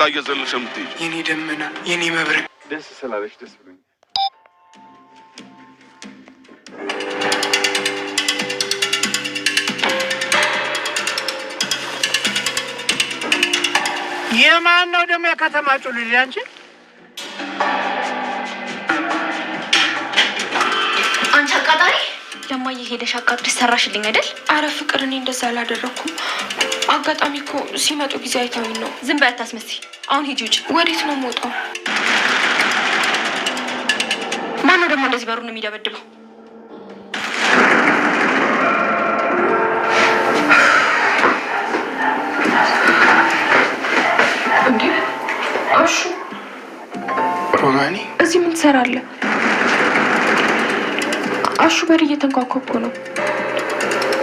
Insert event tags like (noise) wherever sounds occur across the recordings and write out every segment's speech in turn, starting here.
ታየ ዘለሽ የምትሄጂው የኔ ደመና የኔ መብረቅ ደስ ስላለሽ ደስ ብሎኛል። የማን ነው ደግሞ የከተማችሁ ልጅ አንቺ? እማዬ ሄደሽ አቃጥሪ ሰራሽልኝ አይደል? አረ ፍቅር፣ እኔ እንደዛ አላደረኩም። አጋጣሚ እኮ ሲመጡ ጊዜ አይታዊ ነው። ዝም በይ አታስመስይ። አሁን ሂጂ ውጭ። ወዴት ነው የምወጣው? ማነው ደግሞ እንደዚህ በሩን የሚደበድበው? እዚህ ምን ትሰራለህ? አሹ በር እየተንኳኳኩ ነው።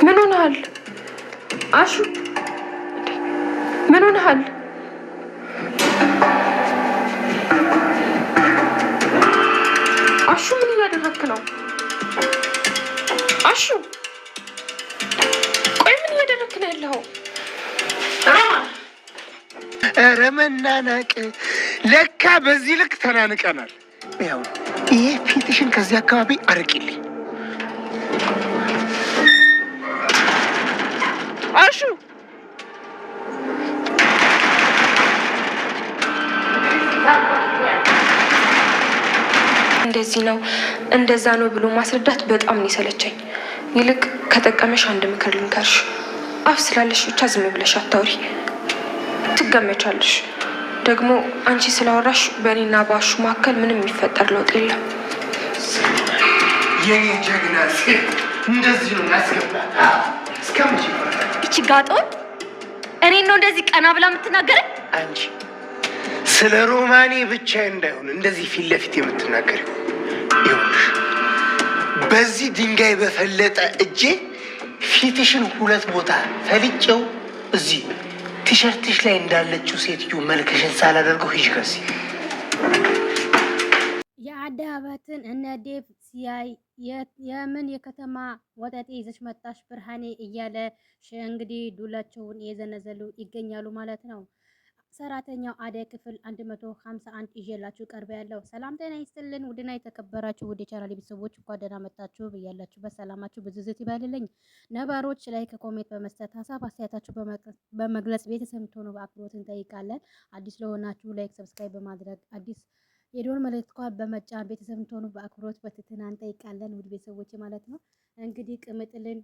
ምን ሆነሃል አሹ? ምን ሆነሃል? አሹ ምን እያደረግክ ነው? አሹ ቆይ ምን እያደረግክ ነው ያለው? ኧረ መናናቅ ለካ በዚህ ልክ ተናንቀናል። ያው ይህ ፊትሽን ከዚህ አካባቢ አርቂልኝ አልሹ እንደዚህ ነው እንደዛ ነው ብሎ ማስረዳት በጣም ነው የሰለቸኝ። ይልቅ ከጠቀመሽ አንድ ምክር ልንገርሽ። አፍ ስላለሽ ብቻ ዝም ብለሽ አታውሪ፣ ትገመቻለሽ። ደግሞ አንቺ ስላወራሽ በእኔና በአሹ መካከል ምንም የሚፈጠር ለውጥ የለም። የኔ ጀግና ሴት እንደዚህ ነው ያስገባል። እስከምቼ? እቺ ጋጠወጥ እኔ ነው እንደዚህ ቀና ብላ የምትናገር? አንቺ ስለ ሮማኔ ብቻ እንዳይሆን እንደዚህ ፊት ለፊት የምትናገር ይሁንሽ። በዚህ ድንጋይ በፈለጠ እጄ ፊትሽን ሁለት ቦታ ፈልጨው እዚህ ቲሸርትሽ ላይ እንዳለችው ሴትዮ መልክሽን ሳላደርገው ሂጅ ከዚህ የአደባባትን እነ ዴቭ ሲያይ የምን የከተማ ወጠጤ ይዘሽ መጣሽ ብርሃኔ እያለ እንግዲህ ዱላቸውን እየዘነዘሉ ይገኛሉ ማለት ነው። ሰራተኛው አደይ ክፍል 151 ይዤላችሁ ቀርበ ያለው። ሰላም ጤና ይስጥልን ውድና የተከበራችሁ ውድ የቻናል ቤተሰቦች እንኳን ደህና መጣችሁ ብያላችሁ። በሰላማችሁ ብዝዝት ይበልልኝ። ነባሮች ላይ ከኮሜት በመስጠት ሀሳብ አስተያየታችሁ በመግለጽ ቤተሰብ ትሆኑ በአክብሮት እንጠይቃለን። አዲስ ለሆናችሁ ላይክ፣ ሰብስክራይብ በማድረግ አዲስ የደወል መልእክቷ በመጫን ቤተሰብ እንድትሆኑ በአክብሮት በትህትና እንጠይቃለን። ውድ ቤተሰቦች ማለት ነው እንግዲህ ቅምጥልን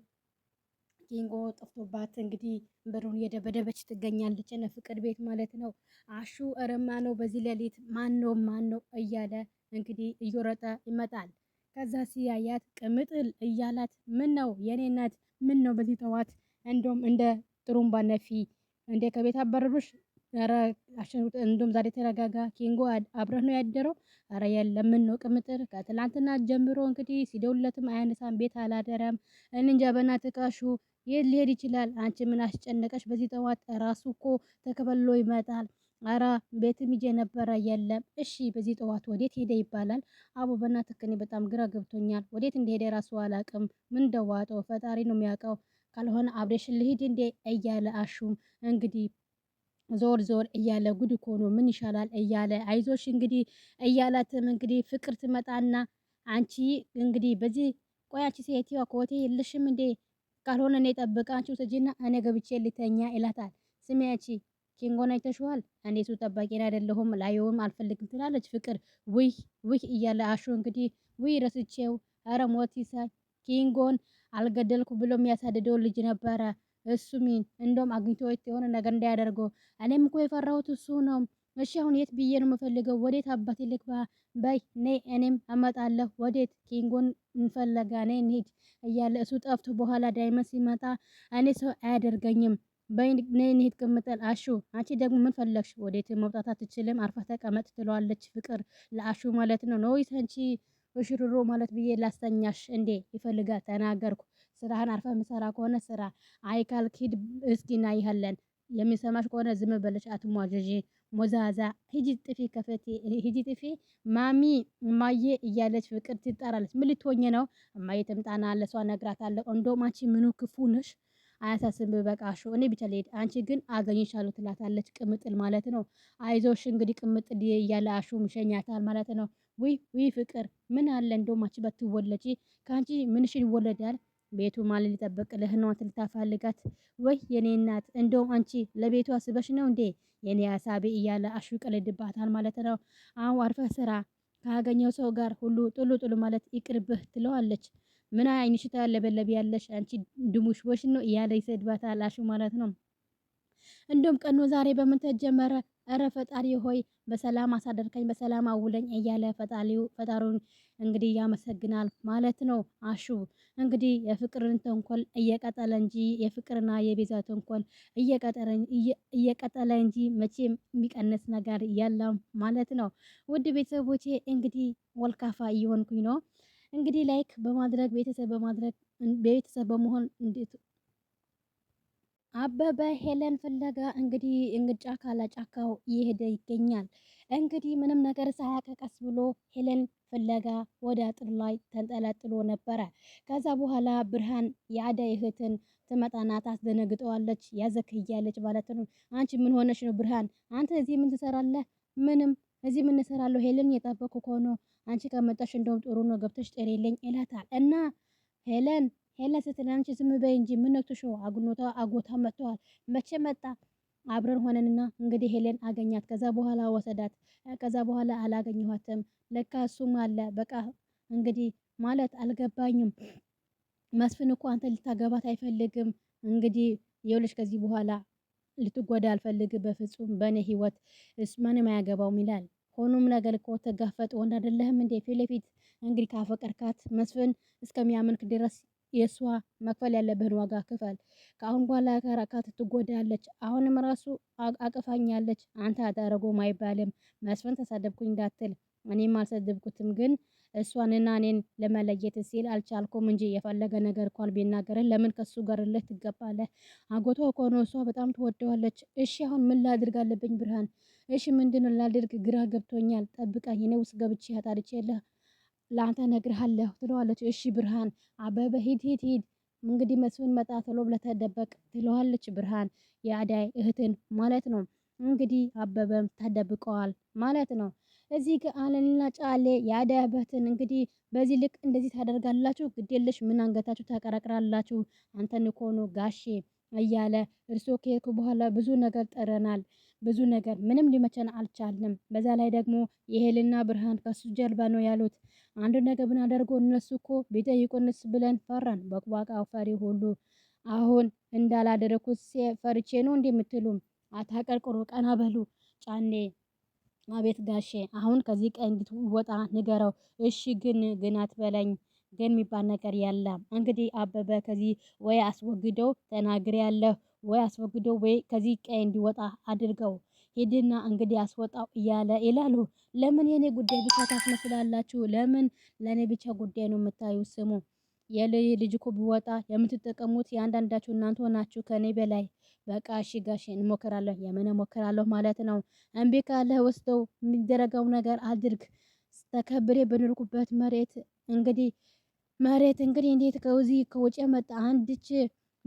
ኪንጎ ጠፍቶባት እንግዲህ በሩን የደበደበች ትገኛለች። እነ ፍቅር ቤት ማለት ነው። አሹ እረማ ነው በዚህ ሌሊት ማን ነው ማን ነው እያለ እንግዲህ እየሮጠ ይመጣል። ከዛ ሲያያት ቅምጥል እያላት ምን ነው የኔ እናት፣ ምን ነው በዚህ ጠዋት እንደውም እንደ ጥሩምባ ነፊ እንደ ከቤት አባረሩሽ ኧረ አሸሩት እንደውም ዛሬ ተረጋጋ ኪንጎ አብረህ ነው ያደረው? ኧረ የለም ነው ቅምጥር ከትላንትና ጀምሮ እንግዲህ ሲደውለትም አያነሳም፣ ቤት አላደረም። እንጃ በእናትህ ቃሹ የት ሊሄድ ይችላል? አንቺ ምን አስጨነቀሽ? በዚህ ጠዋት ራሱ እኮ ተከበሎ ይመጣል። ኧረ ቤትም ይዤ ነበረ የለም። እሺ በዚህ ጠዋት ወዴት ሄደ ይባላል? አቦ በእናትህ እኔ በጣም ግራ ገብቶኛል። ወዴት እንደሄደ ራሱ አላቅም። ምን ደዋጠው ፈጣሪ ነው የሚያውቀው። ካልሆነ አብሬሽን ልሂድ እንዴ እያለ አሹም እንግዲህ ዞር ዞር እያለ ጉድ እኮ ነው ምን ይሻላል እያለ አይዞሽ እንግዲህ እያላትም እንግዲህ ፍቅር ትመጣና አንቺ እንግዲህ በዚህ ቆያች ሴትዋ ኮቴ የለሽም እንዴ ካልሆነ እኔ ጠብቃችሁ ስጂና እኔ ገብቼ ልተኛ ይላታል። ስሚያቺ ኪንጎን አይተሽዋል? እኔ እሱ ጠባቂን አይደለሁም ላየውም አልፈልግም ትላለች ፍቅር። ውይ ውይ እያለ አሹ እንግዲህ ውይ ረስቼው፣ ኧረ ሞት ይሳይ ኪንጎን አልገደልኩ ብሎ የሚያሳድደው ልጅ ነበረ። እሱም እንደውም አግኝቶት የሆነ ነገር እንዳያደርገው እኔም እኮ የፈራሁት እሱ ነው። እሺ አሁን የት ብዬ ነው የምፈልገው? ወዴት አባቴ ልግባ? በይ ኔ እኔም አመጣለሁ። ወዴት ኪንጎን እንፈለጋ፣ ነይ እንሂድ እያለ እሱ ጠፍቶ በኋላ ዳይመን ሲመጣ እኔ ሰው አያደርገኝም። በይ ነይ እንሂድ ቅምጠል። አሹ አንቺ ደግሞ ምን ፈለግሽ? ወዴት መውጣት አትችልም፣ አርፋ ተቀመጥ ትለዋለች ፍቅር ለአሹ ማለት ነው። ነው አንቺ እሽሩሮ ማለት ብዬ ላስተኛሽ እንዴ? ይፈልጋ ተናገርኩ ስራህን አርፈ ምሰራ ከሆነ ስራ አይካል ኪድ እስኪ እናይሃለን። የሚሰማሽ ከሆነ ዝም በለሽ፣ አትሟዥዥ። ሞዛዛ ሂጂ ጥፊ ከፈቴ ሂጂ ጥፊ ማሚ እማዬ እያለች ፍቅር ትጣራለች። ምን ልትሆኝ ነው? እማዬ ትምጣና ለሷ ነግራታለሁ። እንደውም አንቺ ምኑ ክፉ ነሽ፣ አያሳስብ በቃሽ፣ እኔ ብቻ ልሄድ፣ አንቺ ግን አገኝሻለሁ ትላታለች። ቅምጥል ማለት ነው። አይዞሽ እንግዲህ ቅምጥል እያለ አሹም ይሸኛታል ማለት ነው። ውይ ውይ ፍቅር ምን አለ እንደውም አንቺ ባትወለጂ ከአንቺ ምንሽን ይወለዳል? ቤቱ ማን ሊጠብቅልህ ነው? ልታፋልጋት ወይ የኔ እናት፣ እንደውም አንቺ ለቤቱ አስበሽ ነው እንዴ? የኔ አሳቢ እያለ አሹ ቀልድባታል ማለት ነው። አሁ አርፈ ስራ፣ ካገኘው ሰው ጋር ሁሉ ጥሉ ጥሉ ማለት ይቅርብህ ትለዋለች። ምን አይንሽ ታለበለብ ያለሽ አንቺ ድሙሽ ወሽ ነው እያለ ይሰድባታል አሹ ማለት ነው። እንደውም ቀኑ ዛሬ በምን ተጀመረ? እረ ፈጣሪ ሆይ በሰላም አሳደርከኝ፣ በሰላም አውለኝ እያለ ፈጣሪውን እንግዲህ ያመሰግናል ማለት ነው። አሹ እንግዲህ የፍቅርን ተንኮል እየቀጠለ እንጂ የፍቅርና የቤዛ ተንኮል እየቀጠለ እንጂ መቼም የሚቀንስ ነገር የለም ማለት ነው። ውድ ቤተሰቦቼ እንግዲህ ወልካፋ እየሆንኩኝ ነው። እንግዲህ ላይክ በማድረግ ቤተሰብ በማድረግ ቤተሰብ በመሆን አበበ ሄለን ፍለጋ እንግዲህ እንግጫ ጫካው እየሄደ ይገኛል። እንግዲህ ምንም ነገር ሳያቀቀስ ብሎ ሄለን ፍለጋ ወደ አጥር ላይ ተንጠለጥሎ ነበረ። ከዛ በኋላ ብርሃን የአደይ እህትን ትመጣና ታስደነግጠዋለች፣ ያዘክያለች ማለት ነው። አንቺ ምን ሆነሽ ነው ብርሃን? አንተ እዚህ ምን ትሰራለህ? ምንም እዚህ ምን እሰራለሁ? ሄለን የጠበኩ ከሆነ አንቺ ከመጣሽ እንደውም ጥሩ ነው፣ ገብተሽ ጤሬለኝ ይላታል እና ሄለን ሄለን ስትል አንቺ ዝም በይ እንጂ ምን ነክቶሽ ነው? አጉኖታ አጎታ መጥተዋል። መቼ መጣ? አብረን ሆነንና እንግዲህ ሄለን አገኛት። ከዛ በኋላ ወሰዳት። ከዛ በኋላ አላገኘኋትም። ለካ እሱም አለ። በቃ እንግዲህ ማለት አልገባኝም። መስፍን እኮ አንተ ልታገባት አይፈልግም። እንግዲህ የውልሽ ከዚህ በኋላ ልትጎዳ አልፈልግ፣ በፍጹም በእኔ ህይወት ማንም አያገባውም ይላል። ሆኖም ነገር እኮ ተጋፈጥ ወንድ አይደለህም እንዴ? ፊት ለፊት እንግዲህ ካፈቀርካት መስፍን እስከሚያምንክ ድረስ የእሷ መክፈል ያለብህን ዋጋ ክፈል። ከአሁን በኋላ ከራካት ትጎዳለች። አሁንም ራሱ አቅፋኛለች። አንተ አታረጎም አይባልም። መስፍን ተሳደብኩኝ እንዳትል እኔም አልሰደብኩትም፣ ግን እሷንና እኔን ለመለየት ሲል አልቻልኩም እንጂ የፈለገ ነገር እንኳን ቢናገርህ ለምን ከሱ ጋር ልህ ትገባለህ? አጎቷ እኮ ነው። እሷ በጣም ትወደዋለች። እሺ አሁን ምን ላድርግ አለብኝ? ብርሃን እሺ ምንድን ላድርግ? ግራ ገብቶኛል። ጠብቀኝ፣ እኔ ውስጥ ገብቼ አጣልቼ የለህ ለአንተ ነግርሃለሁ ትለዋለች። እሺ ብርሃን አበበ ሂድ ሂድ ሂድ እንግዲህ መስፍን መጣ ቶሎ ብለህ ተደበቅ ትለዋለች ብርሃን የአዳይ እህትን ማለት ነው። እንግዲህ አበበም ተደብቀዋል ማለት ነው። እዚህ ጋር አለንና ጫሌ የአዳይ አባትን እንግዲህ በዚህ ልክ እንደዚህ ታደርጋላችሁ፣ ግዴለሽ ምን አንገታችሁ ታቀራቅራላችሁ፣ አንተን እኮ ነው ጋሼ እያለ እርሶ ከሄድኩ በኋላ ብዙ ነገር ጥረናል፣ ብዙ ነገር ምንም ሊመቸን አልቻልንም። በዛ ላይ ደግሞ የሄልና ብርሃን ከሱ ጀርባ ነው ያሉት አንድ ነገር ብናደርገው እነሱ እኮ ቢጠይቁንስ ብለን ፈራን። በቋቋ ፈሪ ሁሉ አሁን እንዳላደረኩት ፈርቼ ነው እንደምትሉም አታቀርቅሮ ቀና በሉ ጫኔ አቤት ጋሼ አሁን ከዚህ ቀን እንድትወጣ ንገረው። እሺ ግን ግን አትበለኝ ግን የሚባል ነገር ያለ እንግዲህ አበበ ከዚህ ወይ አስወግደው ተናግሬ ያለሁ ወይ አስወግደው ወይ ከዚህ ቀን እንዲወጣ አድርገው። ሂድና እንግዲህ አስወጣው እያለ ይላሉ። ለምን የኔ ጉዳይ ብቻ ታስመስላላችሁ? ለምን ለእኔ ብቻ ጉዳይ ነው የምታዩ? ስሙ የልጅ እኮ ቢወጣ የምትጠቀሙት የአንዳንዳችሁ እናንተ ሆናችሁ ከኔ በላይ በቃ እሺ ጋሽ እንሞክራለሁ የምን እሞክራለሁ ማለት ነው። እምቢ ካለ ወስደው የሚደረገው ነገር አድርግ። ተከብሬ በኖርኩበት መሬት እንግዲህ መሬት እንግዲህ እንዴት ከዚህ ከውጭ መጣ አንድች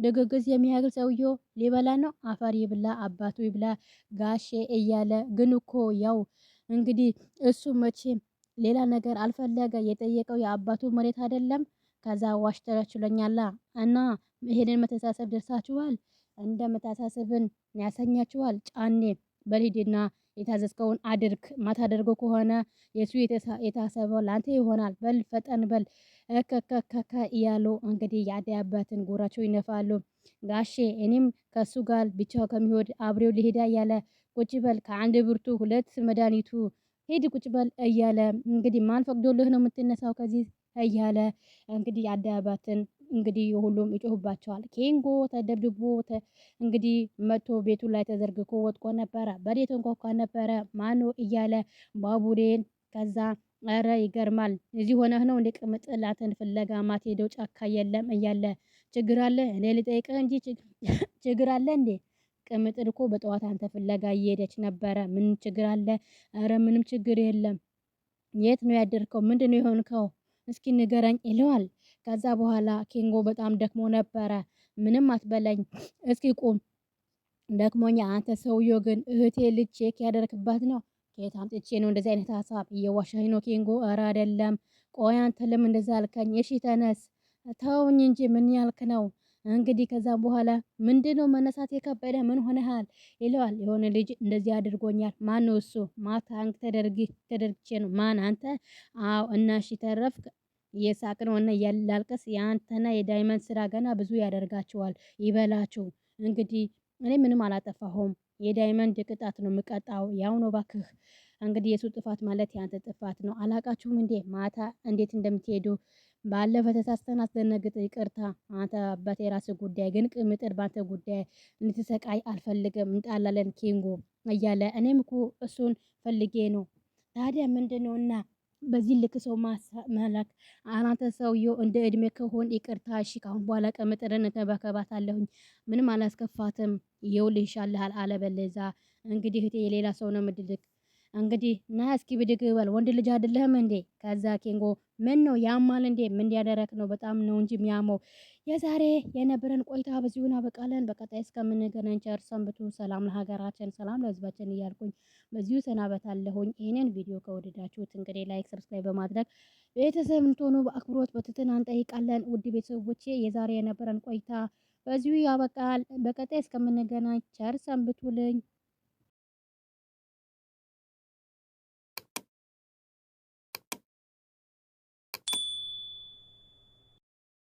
ንግግር የሚያህል ሰውየው ሊበላ ነው። አፈር ይብላ አባቱ ይብላ ጋሼ እያለ ግን እኮ ያው እንግዲህ እሱ መቼም ሌላ ነገር አልፈለገ። የጠየቀው የአባቱ መሬት አይደለም። ከዛ ዋሽታችሁልኛላ እና ይሄንን መተሳሰብ ደርሳችኋል። እንደ መተሳሰብን ያሰኛችኋል። ጫኔ በልሂድና የታዘዝከውን አድርግ። ማታደርገው ከሆነ የሱ የታሰበው ለአንተ ይሆናል። በል ፈጠን በል ከከከከ እያሉ እንግዲህ የአደይ አባትን ጉራቸው ይነፋሉ። ጋሼ እኔም ከሱ ጋር ብቻው ከሚሄድ አብሬው ሊሄዳ እያለ ቁጭ በል ከአንድ ብርቱ ሁለት መድኃኒቱ ሄድ ቁጭ በል እያለ እንግዲህ ማን ፈቅዶልህ ነው የምትነሳው ከዚህ እያለ እንግዲህ የአደይ አባትን እንግዲህ ሁሉም ይጮህባቸዋል። ኬንጎ ተደብድቦ እንግዲህ መቶ ቤቱ ላይ ተዘርግኮ ወጥቆ ነበረ። በዴት እንኳኳ ነበረ ማኖ እያለ ባቡሬን ከዛ ኧረ ይገርማል። እዚህ ሆነህ ነው እንደ ቅምጥላትን ፍለጋ ማትሄደው ጫካ የለም እያለ ችግር አለ እኔ ልጠይቅህ እንጂ (laughs) ችግር አለ እንዴ? ቅምጥል እኮ በጠዋት አንተ ፍለጋ እየሄደች ነበረ። ምን ችግር አለ? ኧረ ምንም ችግር የለም። የት ነው ያደርከው? ምንድን ነው የሆንከው? እስኪ ንገረኝ ይለዋል። ከዛ በኋላ ኬንጎ በጣም ደክሞ ነበረ። ምንም አትበለኝ፣ እስኪ ቁም፣ ደክሞኛ። አንተ ሰውዬው ግን እህቴ ልጅ ቼክ ያደረክባት ነው? ከየት አምጥቼ ነው እንደዚህ አይነት ሀሳብ? እየዋሻኝ ነው ኬንጎ። ኧረ አይደለም። ቆይ አንተ ለምን እንደዛ አልከኝ? እሺ ተነስ፣ ተውኝ እንጂ ምን ያልክ ነው? እንግዲህ ከዛም በኋላ ምንድነው መነሳት የከበደ ምን ሆነሃል? ይለዋል። የሆነ ልጅ እንደዚህ አድርጎኛል። ማን ነው እሱ? ማታንክ ተደርጊ ተደርግቼ ነው። ማን አንተ? አዎ። እና እሺ ተረፍክ? የሳቅን ሆነ ያላለቀስ የአንተና የዳይመንድ ስራ ገና ብዙ ያደርጋቸዋል። ይበላችሁ እንግዲህ እኔ ምንም አላጠፋሁም። የዳይመንድ ቅጣት ነው የምቀጣው። ያው ነው ባክህ። እንግዲህ የሱ ጥፋት ማለት የአንተ ጥፋት ነው። አላቃችሁም እንዴ ማታ እንዴት እንደምትሄዱ ባለፈ ተሳስተን አስደነግጥ። ይቅርታ አንተ አባት የራስ ጉዳይ ግን ቅምጥር በአንተ ጉዳይ እንድትሰቃይ አልፈልግም። እንጣላለን ኪንጎ እያለ እኔም እኮ እሱን ፈልጌ ነው። ታዲያ ምንድን ነውና በዚህ ልክ ሰው መላክ አናተ ሰውየው እንደ እድሜ ከሆን ይቅርታ፣ እሺ ካሁን በኋላ ቀምጥርን ተበከባታለሁኝ ምንም አላስከፋትም፣ ይኸውልህ ይሻልሃል። አለበለዛ እንግዲህ እህቴ የሌላ ሰው ነው ምድልክ እንግዲህ ና እስኪ ብድግ በል ወንድ ልጅ አይደለህም እንዴ? ከዛ ኬንጎ ምን ነው ያማል እንዴ? ምን ያደረክ ነው? በጣም ነው እንጂ የሚያመው የዛሬ የነበረን ቆይታ በዚሁን አበቃለን። በቀጣይ እስከምንገናኝ ቸር ሰንብቱ። ሰላም ለሀገራችን፣ ሰላም ለሕዝባችን እያልኩኝ በዚሁ ሰናበታለሁኝ። ይህንን ቪዲዮ ከወደዳችሁት እንግዲህ ላይክ፣ ሰብስክራይብ በማድረግ ቤተሰብ እንድትሆኑ በአክብሮት በትህትና እንጠይቃለን። ውድ ቤተሰቦቼ የዛሬ የነበረን ቆይታ በዚሁ ያበቃል። በቀጣይ እስከምንገናኝ ቸር ሰንብቱልኝ።